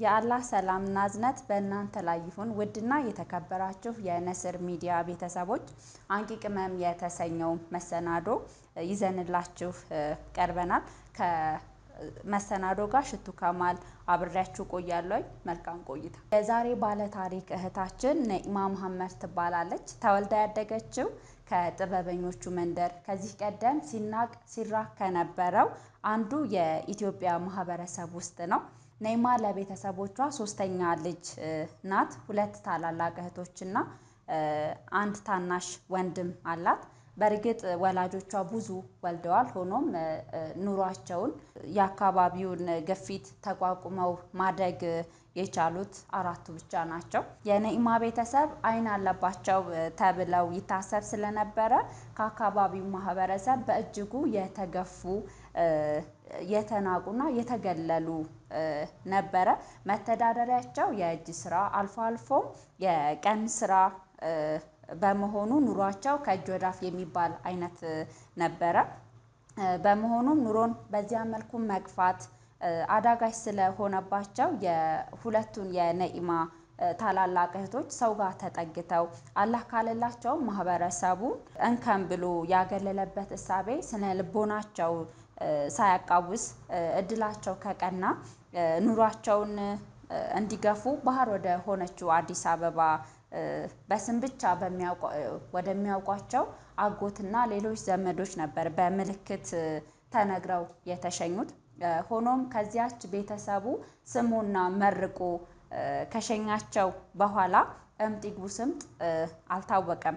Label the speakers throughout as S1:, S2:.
S1: የአላህ ሰላምና እዝነት በእናንተ ላይ ይሁን። ውድና የተከበራችሁ የነስር ሚዲያ ቤተሰቦች አንቂ ቅመም የተሰኘው መሰናዶ ይዘንላችሁ ቀርበናል። ከመሰናዶ ጋር ሽቱ ከማል አብሬያችሁ ቆያለሁ። መልካም ቆይታ። የዛሬ ባለታሪክ እህታችን ነኢማ መሐመድ ትባላለች። ተወልዳ ያደገችው ከጥበበኞቹ መንደር ከዚህ ቀደም ሲናቅ ሲራክ ከነበረው አንዱ የኢትዮጵያ ማህበረሰብ ውስጥ ነው። ነይማ ለቤተሰቦቿ ሶስተኛ ልጅ ናት። ሁለት ታላላቅ እህቶችና አንድ ታናሽ ወንድም አላት። በእርግጥ ወላጆቿ ብዙ ወልደዋል። ሆኖም ኑሯቸውን የአካባቢውን ግፊት ተቋቁመው ማደግ የቻሉት አራቱ ብቻ ናቸው። የነኢማ ቤተሰብ አይን አለባቸው ተብለው ይታሰብ ስለነበረ ከአካባቢው ማህበረሰብ በእጅጉ የተገፉ የተናቁና የተገለሉ ነበረ። መተዳደሪያቸው የእጅ ስራ አልፎ አልፎም የቀን ስራ በመሆኑ ኑሯቸው ከእጅ ወዳፍ የሚባል አይነት ነበረ። በመሆኑም ኑሮን በዚያ መልኩ መግፋት አዳጋች ስለሆነባቸው የሁለቱን የነኢማ ታላላቅ እህቶች ሰው ጋር ተጠግተው አላህ ካለላቸው ማህበረሰቡ እንከን ብሎ ያገለለበት እሳቤ ስነ ልቦናቸው ሳያቃውስ እድላቸው ከቀና ኑሯቸውን እንዲገፉ ባህር ወደ ሆነችው አዲስ አበባ በስም ብቻ ወደሚያውቋቸው አጎትና ሌሎች ዘመዶች ነበር በምልክት ተነግረው የተሸኙት። ሆኖም ከዚያች ቤተሰቡ ስሙና መርቆ ከሸኛቸው በኋላ እምጢጉ ስምጥ አልታወቀም።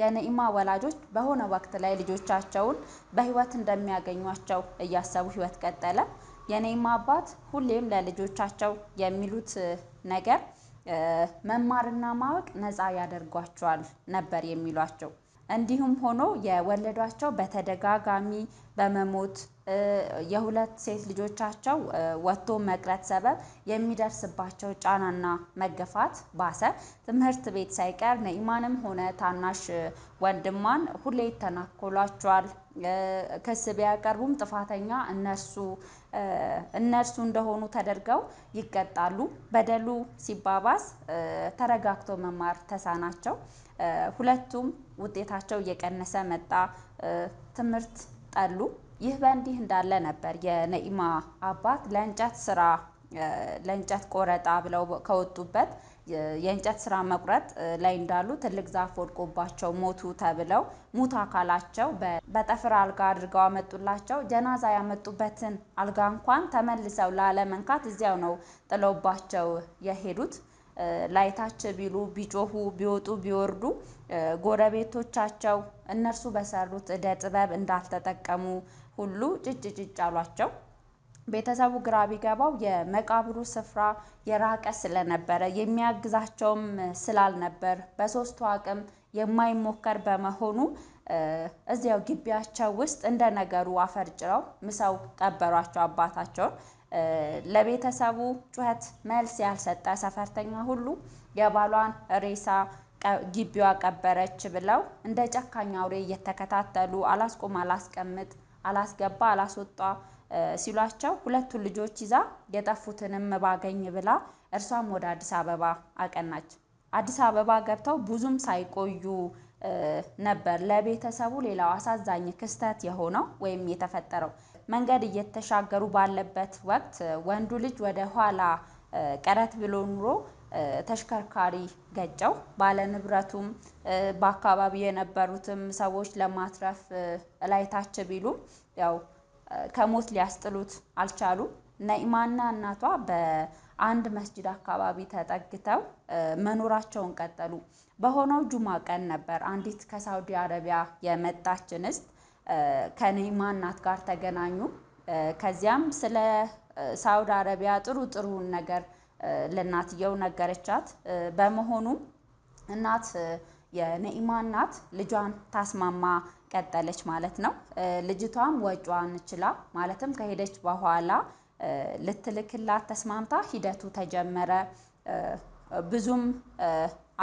S1: የነኢማ ወላጆች በሆነ ወቅት ላይ ልጆቻቸውን በህይወት እንደሚያገኟቸው እያሰቡ ህይወት ቀጠለ። የነኢማ አባት ሁሌም ለልጆቻቸው የሚሉት ነገር መማርና ማወቅ ነፃ ያደርጓቸዋል ነበር የሚሏቸው። እንዲሁም ሆኖ የወለዷቸው በተደጋጋሚ በመሞት የሁለት ሴት ልጆቻቸው ወጥቶ መቅረት ሰበብ የሚደርስባቸው ጫናና መገፋት ባሰ። ትምህርት ቤት ሳይቀር ነኢማንም ሆነ ታናሽ ወንድሟን ሁሌ ይተናኮሏቸዋል። ክስ ቢያቀርቡም ጥፋተኛ እነርሱ እነርሱ እንደሆኑ ተደርገው ይቀጣሉ። በደሉ ሲባባስ ተረጋግቶ መማር ተሳናቸው። ሁለቱም ውጤታቸው እየቀነሰ መጣ። ትምህርት ጠሉ። ይህ በእንዲህ እንዳለ ነበር የነኢማ አባት ለእንጨት ስራ ለእንጨት ቆረጣ ብለው ከወጡበት የእንጨት ስራ መቁረጥ ላይ እንዳሉ ትልቅ ዛፍ ወድቆባቸው ሞቱ ተብለው ሙት አካላቸው በጠፍር አልጋ አድርገው አመጡላቸው። ጀናዛ ያመጡበትን አልጋ እንኳን ተመልሰው ላለመንካት እዚያው ነው ጥለውባቸው የሄዱት። ላይታች ቢሉ ቢጮሁ ቢወጡ ቢወርዱ ጎረቤቶቻቸው እነርሱ በሰሩት እደ ጥበብ እንዳልተጠቀሙ ሁሉ ጭጭ ጭጭ አሏቸው። ቤተሰቡ ግራ ቢገባው የመቃብሩ ስፍራ የራቀ ስለነበረ የሚያግዛቸውም ስላልነበር በሶስቱ አቅም የማይሞከር በመሆኑ እዚያው ግቢያቸው ውስጥ እንደ ነገሩ አፈር ጭረው ምሰው ቀበሯቸው አባታቸውን። ለቤተሰቡ ጩኸት መልስ ያልሰጠ ሰፈርተኛ ሁሉ የባሏን ሬሳ ግቢዋ ቀበረች ብለው እንደ ጨካኝ አውሬ እየተከታተሉ አላስቆም አላስቀምጥ አላስገባ አላስወጣ ሲሏቸው ሁለቱን ልጆች ይዛ የጠፉትንም ባገኝ ብላ እርሷም ወደ አዲስ አበባ አቀናች። አዲስ አበባ ገብተው ብዙም ሳይቆዩ ነበር ለቤተሰቡ ሌላው አሳዛኝ ክስተት የሆነው ወይም የተፈጠረው። መንገድ እየተሻገሩ ባለበት ወቅት ወንዱ ልጅ ወደ ኋላ ቀረት ብሎ ኑሮ ተሽከርካሪ ገጨው ባለንብረቱም በአካባቢው የነበሩትም ሰዎች ለማትረፍ እላይታች ቢሉ ቢሉም ያው ከሞት ሊያስጥሉት አልቻሉም። ነኢማና እናቷ በአንድ መስጂድ አካባቢ ተጠግተው መኖራቸውን ቀጠሉ። በሆነው ጁማ ቀን ነበር አንዲት ከሳውዲ አረቢያ የመጣች እንስት ከነይማ እናት ጋር ተገናኙ። ከዚያም ስለ ሳውዲ አረቢያ ጥሩ ጥሩን ነገር ለእናትየው ነገረቻት። በመሆኑ እናት የነኢማ እናት ልጇን ታስማማ ቀጠለች ማለት ነው። ልጅቷም ወጪዋን ችላ ማለትም ከሄደች በኋላ ልትልክላት ተስማምታ ሂደቱ ተጀመረ። ብዙም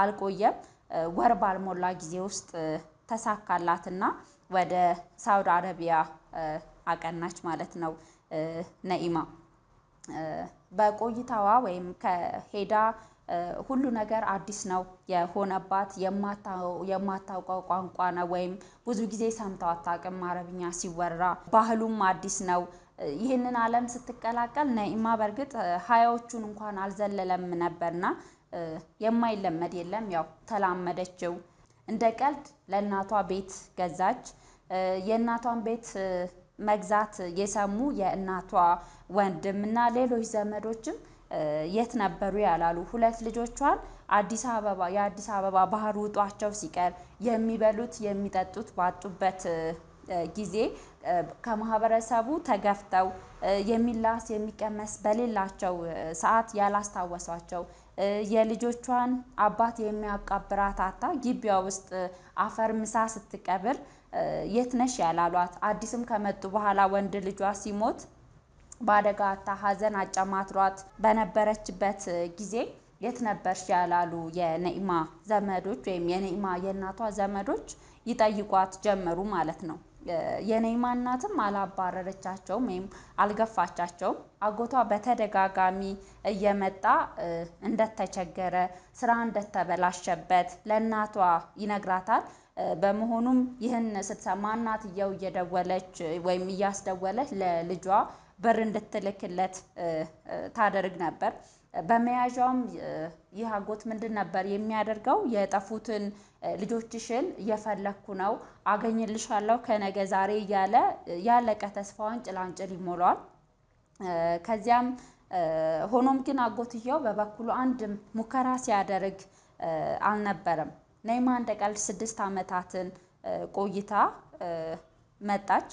S1: አልቆየም። ወር ባልሞላ ጊዜ ውስጥ ተሳካላትና ወደ ሳውዲ አረቢያ አቀናች ማለት ነው ነኢማ። በቆይታዋ ወይም ከሄዳ ሁሉ ነገር አዲስ ነው የሆነባት። የማታውቀው ቋንቋ ነው ወይም ብዙ ጊዜ ሰምተው አታውቅም አረብኛ ሲወራ። ባህሉም አዲስ ነው። ይህንን ዓለም ስትቀላቀል ነኢማ በእርግጥ ሀያዎቹን እንኳን አልዘለለም ነበርና የማይለመድ የለም ያው ተላመደችው። እንደ ቀልድ ለእናቷ ቤት ገዛች። የእናቷን ቤት መግዛት የሰሙ የእናቷ ወንድም እና ሌሎች ዘመዶችም የት ነበሩ ያላሉ ሁለት ልጆቿን አዲስ አበባ የአዲስ አበባ ባህር ውጧቸው ሲቀር የሚበሉት የሚጠጡት ባጡበት ጊዜ ከማህበረሰቡ ተገፍተው የሚላስ የሚቀመስ በሌላቸው ሰዓት ያላስታወሷቸው የልጆቿን አባት አታ ግቢዋ ውስጥ አፈር ምሳ ስትቀብር የት ነሽ ያላሏት አዲስም ከመጡ በኋላ ወንድ ልጇ ሲሞት በአደጋ አታ ሀዘን አጨማትሯት በነበረችበት ጊዜ የት ነበርሽ ያላሉ የነኢማ ዘመዶች ወይም የነኢማ የእናቷ ዘመዶች ይጠይቋት ጀመሩ ማለት ነው። የኔማ እናትም አላባረረቻቸውም ወይም አልገፋቻቸውም። አጎቷ በተደጋጋሚ እየመጣ እንደተቸገረ ስራ እንደተበላሸበት ለእናቷ ይነግራታል። በመሆኑም ይህን ስትሰማ እናትየው እየደወለች ወይም እያስደወለች ለልጇ በር እንድትልክለት ታደርግ ነበር። በመያዣውም ይህ አጎት ምንድን ነበር የሚያደርገው? የጠፉትን ልጆችሽን እየፈለግኩ ነው አገኝልሻለሁ ከነገ ዛሬ እያለ ያለቀ ተስፋዋን ጭላንጭል ይሞላዋል። ከዚያም ሆኖም ግን አጎትየው በበኩሉ አንድም ሙከራ ሲያደርግ አልነበረም። ነይማ እንደ ቀልድ ስድስት ዓመታትን ቆይታ መጣች።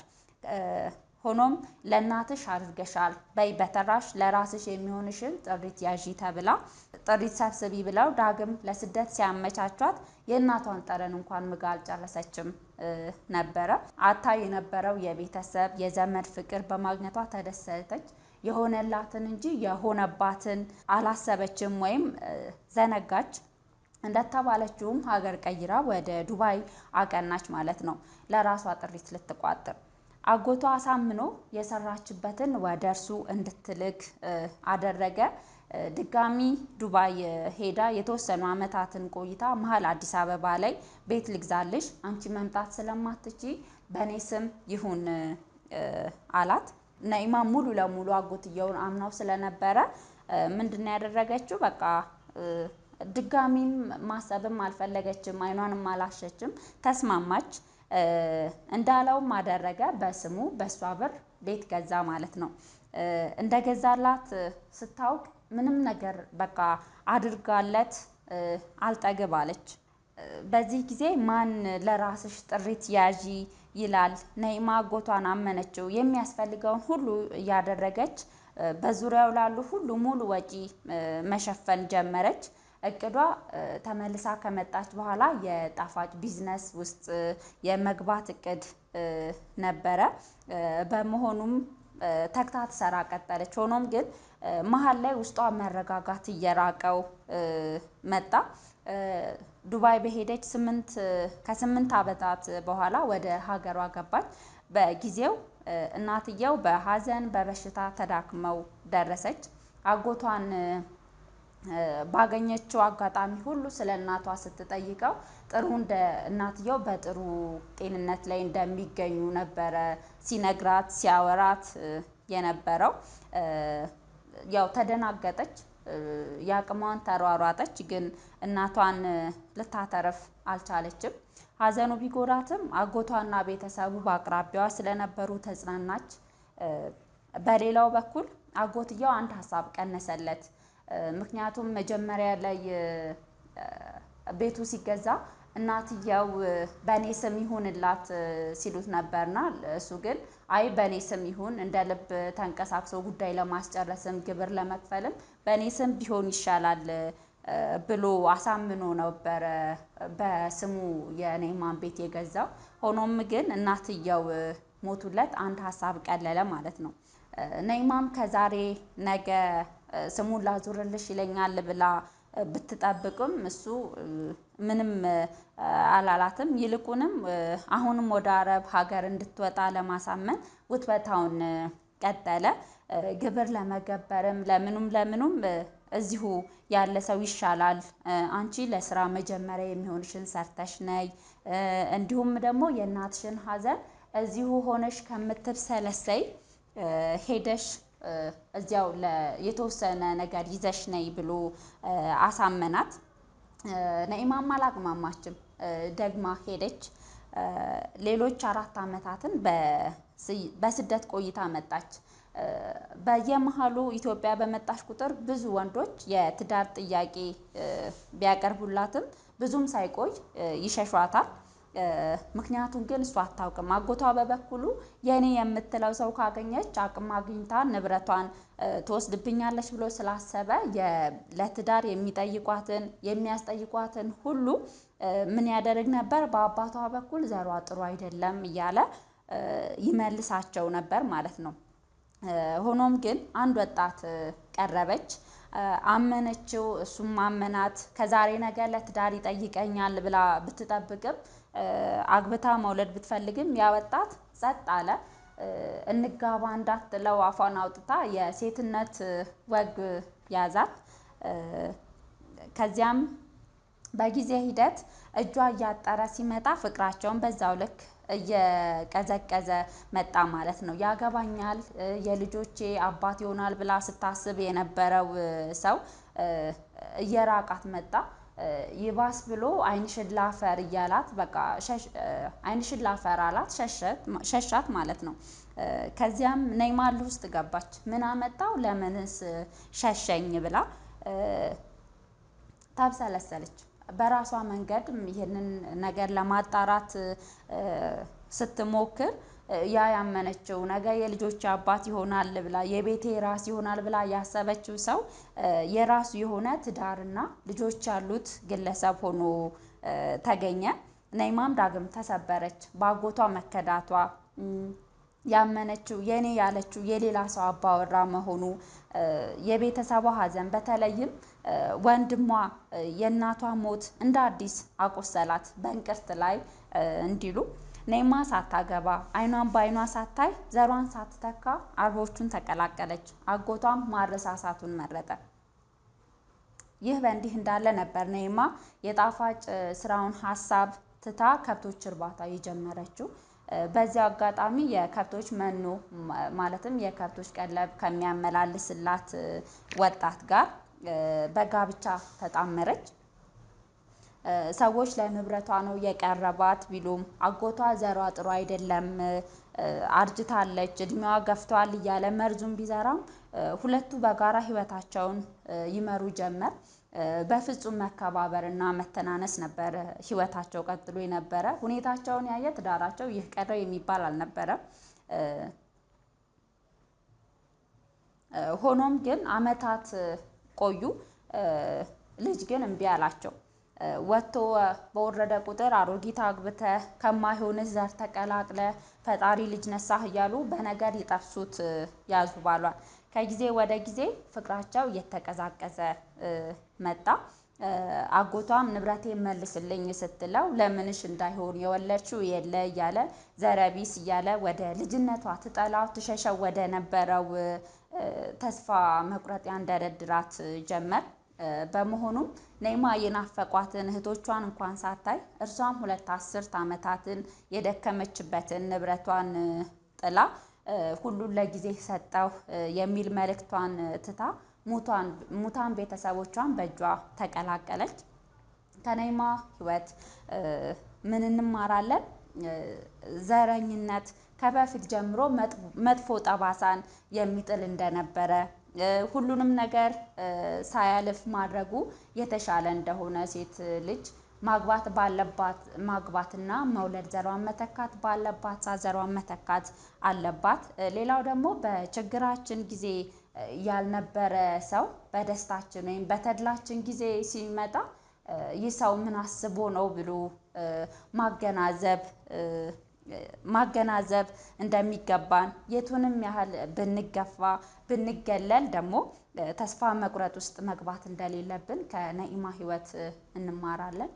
S1: ሆኖም ለእናትሽ አድርገሻል በይ በተራሽ ለራስሽ የሚሆንሽን ጥሪት ያዢ ተብላ ጥሪት ሰብስቢ ብለው ዳግም ለስደት ሲያመቻቿት የእናቷን ጠረን እንኳን ምጋ አልጨረሰችም ነበረ። አታ የነበረው የቤተሰብ የዘመድ ፍቅር በማግኘቷ ተደሰተች። የሆነላትን እንጂ የሆነባትን አላሰበችም ወይም ዘነጋች። እንደተባለችውም ሀገር ቀይራ ወደ ዱባይ አቀናች ማለት ነው፣ ለራሷ ጥሪት ልትቋጥር አጎቷ አሳምኖ የሰራችበትን ወደ እርሱ እንድትልክ አደረገ። ድጋሚ ዱባይ ሄዳ የተወሰኑ አመታትን ቆይታ መሀል አዲስ አበባ ላይ ቤት ልግዛልሽ፣ አንቺ መምጣት ስለማትቺ በእኔ ስም ይሁን አላት። ነኢማ ሙሉ ለሙሉ አጎትየውን አምናው ስለነበረ ምንድን ነው ያደረገችው? በቃ ድጋሚም ማሰብም አልፈለገችም፣ አይኗንም አላሸችም፣ ተስማማች። እንዳለውም አደረገ። በስሙ በእሷ ብር ቤት ገዛ ማለት ነው። እንደገዛላት ስታውቅ ምንም ነገር በቃ አድርጋለት አልጠግብ አለች። በዚህ ጊዜ ማን ለራስሽ ጥሪት ያዢ ይላል። ነይማ አጎቷን አመነችው። የሚያስፈልገውን ሁሉ እያደረገች በዙሪያው ላሉ ሁሉ ሙሉ ወጪ መሸፈን ጀመረች። እቅዷ ተመልሳ ከመጣች በኋላ የጣፋጭ ቢዝነስ ውስጥ የመግባት እቅድ ነበረ። በመሆኑም ተግታ ትሰራ ቀጠለች። ሆኖም ግን መሀል ላይ ውስጧ መረጋጋት እየራቀው መጣ። ዱባይ በሄደች ከስምንት ዓመታት በኋላ ወደ ሀገሯ ገባች። በጊዜው እናትየው በሀዘን በበሽታ ተዳክመው ደረሰች። አጎቷን ባገኘችው አጋጣሚ ሁሉ ስለ እናቷ ስትጠይቀው ጥሩ እንደ እናትየው በጥሩ ጤንነት ላይ እንደሚገኙ ነበረ ሲነግራት ሲያወራት የነበረው። ያው ተደናገጠች፣ የአቅሟን ተሯሯጠች፣ ግን እናቷን ልታተርፍ አልቻለችም። ሀዘኑ ቢጎዳትም አጎቷና ቤተሰቡ በአቅራቢያዋ ስለነበሩ ተጽናናች። በሌላው በኩል አጎትየው አንድ ሀሳብ ቀነሰለት። ምክንያቱም መጀመሪያ ላይ ቤቱ ሲገዛ እናትየው በእኔ ስም ይሁንላት ሲሉት ነበርና እሱ ግን አይ በእኔ ስም ይሁን እንደ ልብ ተንቀሳቅሶ ጉዳይ ለማስጨረስም ግብር ለመክፈልም በእኔ ስም ቢሆን ይሻላል ብሎ አሳምኖ ነበረ በስሙ የኔማን ቤት የገዛው። ሆኖም ግን እናትየው ሞቱለት፣ አንድ ሀሳብ ቀለለ ማለት ነው። ነይማም ከዛሬ ነገ ስሙን ላዙርልሽ ይለኛል ብላ ብትጠብቅም እሱ ምንም አላላትም። ይልቁንም አሁንም ወደ አረብ ሀገር እንድትወጣ ለማሳመን ውትበታውን ቀጠለ። ግብር ለመገበርም ለምኑም ለምኑም እዚሁ ያለ ሰው ይሻላል፣ አንቺ ለስራ መጀመሪያ የሚሆንሽን ሰርተሽ ነይ፣ እንዲሁም ደግሞ የእናትሽን ሀዘን እዚሁ ሆነሽ ከምትብሰለሰይ ሄደሽ እዚያው የተወሰነ ነገር ይዘሽ ነይ ብሎ አሳመናት። ነኢማም አላቅማማችም። ደግማ ሄደች። ሌሎች አራት ዓመታትን በስደት ቆይታ መጣች። በየመሀሉ ኢትዮጵያ በመጣሽ ቁጥር ብዙ ወንዶች የትዳር ጥያቄ ቢያቀርቡላትም ብዙም ሳይቆይ ይሸሿታል። ምክንያቱም ግን እሷ አታውቅም። አጎቷ በበኩሉ የኔ የምትለው ሰው ካገኘች አቅም አግኝታ ንብረቷን ትወስድብኛለች ብሎ ስላሰበ ለትዳር የሚጠይቋትን የሚያስጠይቋትን ሁሉ ምን ያደርግ ነበር? በአባቷ በኩል ዘሯ ጥሩ አይደለም እያለ ይመልሳቸው ነበር ማለት ነው። ሆኖም ግን አንድ ወጣት ቀረበች፣ አመነችው፣ እሱም አመናት። ከዛሬ ነገ ለትዳር ይጠይቀኛል ብላ ብትጠብቅም አግብታ መውለድ ብትፈልግም ያወጣት ጸጥ አለ። እንጋባ እንዳትለው አፏን አውጥታ የሴትነት ወግ ያዛት። ከዚያም በጊዜ ሂደት እጇ እያጠረ ሲመጣ ፍቅራቸውን በዛው ልክ እየቀዘቀዘ መጣ ማለት ነው። ያገባኛል፣ የልጆቼ አባት ይሆናል ብላ ስታስብ የነበረው ሰው እየራቃት መጣ። ይባስ ብሎ አይንሽን ላፈር እያላት በቃ አይንሽን ላፈር አላት። ሸሻት ማለት ነው። ከዚያም ነይ ማል ውስጥ ገባች። ምን አመጣው ለምንስ ሸሸኝ ብላ ታብሰለሰለች። በራሷ መንገድ ይህንን ነገር ለማጣራት ስትሞክር ያ ያመነችው ነገ የልጆች አባት ይሆናል ብላ የቤቴ ራስ ይሆናል ብላ ያሰበችው ሰው የራሱ የሆነ ትዳርና ልጆች ያሉት ግለሰብ ሆኖ ተገኘ። ነይማም ዳግም ተሰበረች። በአጎቷ መከዳቷ ያመነችው የኔ ያለችው የሌላ ሰው አባወራ መሆኑ የቤተሰቧ ሀዘን በተለይም ወንድሟ የእናቷ ሞት እንደ አዲስ አቆሰላት። በእንቅርት ላይ እንዲሉ ኔማ ሳታገባ አይኗን በአይኗ ሳታይ ዘሯን ሳትተካ አርቦቹን ተቀላቀለች። አጎቷም ማረሳሳቱን መረጠ። ይህ በእንዲህ እንዳለ ነበር ኔማ የጣፋጭ ስራውን ሀሳብ ትታ ከብቶች እርባታ የጀመረችው። በዚያው አጋጣሚ የከብቶች መኖ ማለትም የከብቶች ቀለብ ከሚያመላልስላት ወጣት ጋር በጋብቻ ተጣመረች። ሰዎች ለንብረቷ ነው የቀረባት ቢሉም አጎቷ ዘሯ ጥሩ አይደለም፣ አርጅታለች፣ እድሜዋ ገፍቷል እያለ መርዙን ቢዘራም ሁለቱ በጋራ ህይወታቸውን ይመሩ ጀመር። በፍጹም መከባበር እና መተናነስ ነበረ ህይወታቸው ቀጥሎ የነበረ። ሁኔታቸውን ያየ ትዳራቸው ይህ ቀረው የሚባል አልነበረም። ሆኖም ግን አመታት ቆዩ። ልጅ ግን እምቢ አላቸው። ወጥቶ በወረደ ቁጥር አሮጊት አግብተ ከማይሆንህ ዘር ተቀላቅለ ፈጣሪ ልጅ ነሳህ እያሉ በነገር ይጠፍሱት ያዙ ባሏል። ከጊዜ ወደ ጊዜ ፍቅራቸው እየተቀዛቀዘ መጣ። አጎቷም ንብረቴን መልስልኝ ስትለው ለምንሽ እንዳይሆን የወለችው የለ እያለ ዘረቢስ እያለ ወደ ልጅነቷ ትጠላው ትሸሸው ወደ ነበረው ተስፋ መቁረጥ ያንደረድራት ጀመር በመሆኑም ነይማ የናፈቋትን እህቶቿን እንኳን ሳታይ እርሷም ሁለት አስርት ዓመታትን የደከመችበትን ንብረቷን ጥላ ሁሉን ለጊዜ ሰጠው የሚል መልእክቷን ትታ ሙታን ቤተሰቦቿን በእጇ ተቀላቀለች። ከነይማ ህይወት ምን እንማራለን? ዘረኝነት ከበፊት ጀምሮ መጥፎ ጠባሳን የሚጥል እንደነበረ ሁሉንም ነገር ሳያልፍ ማድረጉ የተሻለ እንደሆነ ሴት ልጅ ማግባት ባለባት ማግባትና መውለድ ዘሯን መተካት ባለባት ዘሯን መተካት አለባት። ሌላው ደግሞ በችግራችን ጊዜ ያልነበረ ሰው በደስታችን ወይም በተድላችን ጊዜ ሲመጣ ይህ ሰው ምን አስቦ ነው ብሎ ማገናዘብ ማገናዘብ እንደሚገባን የቱንም ያህል ብንገፋ ብንገለል ደግሞ ተስፋ መቁረጥ ውስጥ መግባት እንደሌለብን ከነኢማ ህይወት እንማራለን